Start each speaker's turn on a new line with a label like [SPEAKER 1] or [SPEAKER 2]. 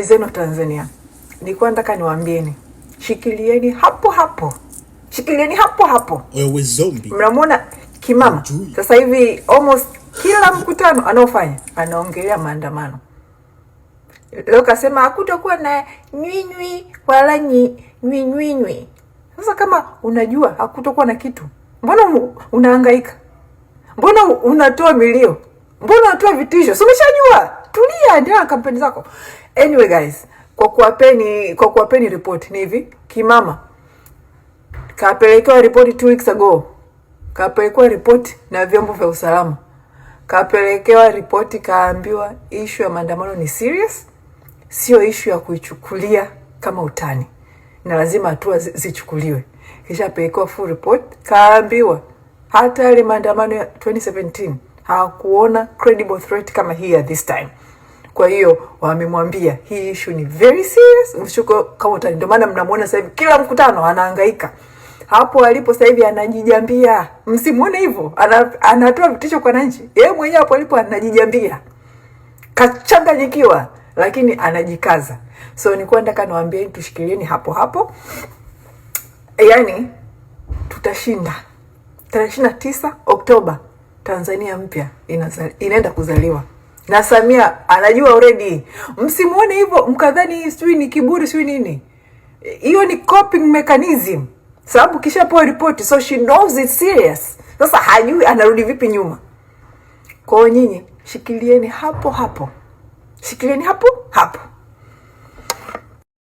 [SPEAKER 1] habari zenu Tanzania, nilikuwa nataka niwaambieni, shikilieni hapo hapo, shikilieni hapo hapo.
[SPEAKER 2] Wewe zombie,
[SPEAKER 1] mnamwona kimama sasa hivi almost kila mkutano anaofanya anaongelea maandamano. Leo kasema hakutakuwa na nywinywi wala nywinywinywi. Sasa kama unajua hakutakuwa na kitu, mbona unahangaika? Mbona unatoa milio? Mbona unatoa vitisho? Si umeshajua tulia, ndio na kampeni zako. Anyway guys, kwa kuwapeni kwa kuwapeni report ni hivi, kimama kapelekewa report two weeks ago, kapelekewa report na vyombo vya usalama, kapelekewa ripoti, kaambiwa issue ya maandamano ni serious, sio issue ya kuichukulia kama utani na lazima hatua zichukuliwe. Kisha apelekewa full report, kaambiwa hata yale maandamano ya 2017 hawakuona credible threat kama hii at this time. Kwa hiyo wamemwambia hii issue ni very serious, mshuko kama utani. Ndio maana mnamwona sasa hivi kila mkutano anahangaika hapo alipo sasa hivi anajijambia, msimuone hivyo, anatoa vitisho kwa wananchi. Yeye mwenyewe hapo alipo anajijambia, kachanganyikiwa, lakini anajikaza. So nilikuwa nataka niwaambie, tushikilieni hapo hapo, yani tutashinda tarehe ishirini na tisa Oktoba. Tanzania mpya inaenda kuzaliwa na Samia anajua already. Msimuone hivyo mkadhani sijui ni kiburi sijui nini, hiyo ni coping mechanism, sababu kishapewa ripoti, so she knows it's serious. Sasa hajui anarudi vipi nyuma. Kwa hiyo nyinyi shikilieni hapo hapo, shikilieni hapo hapo.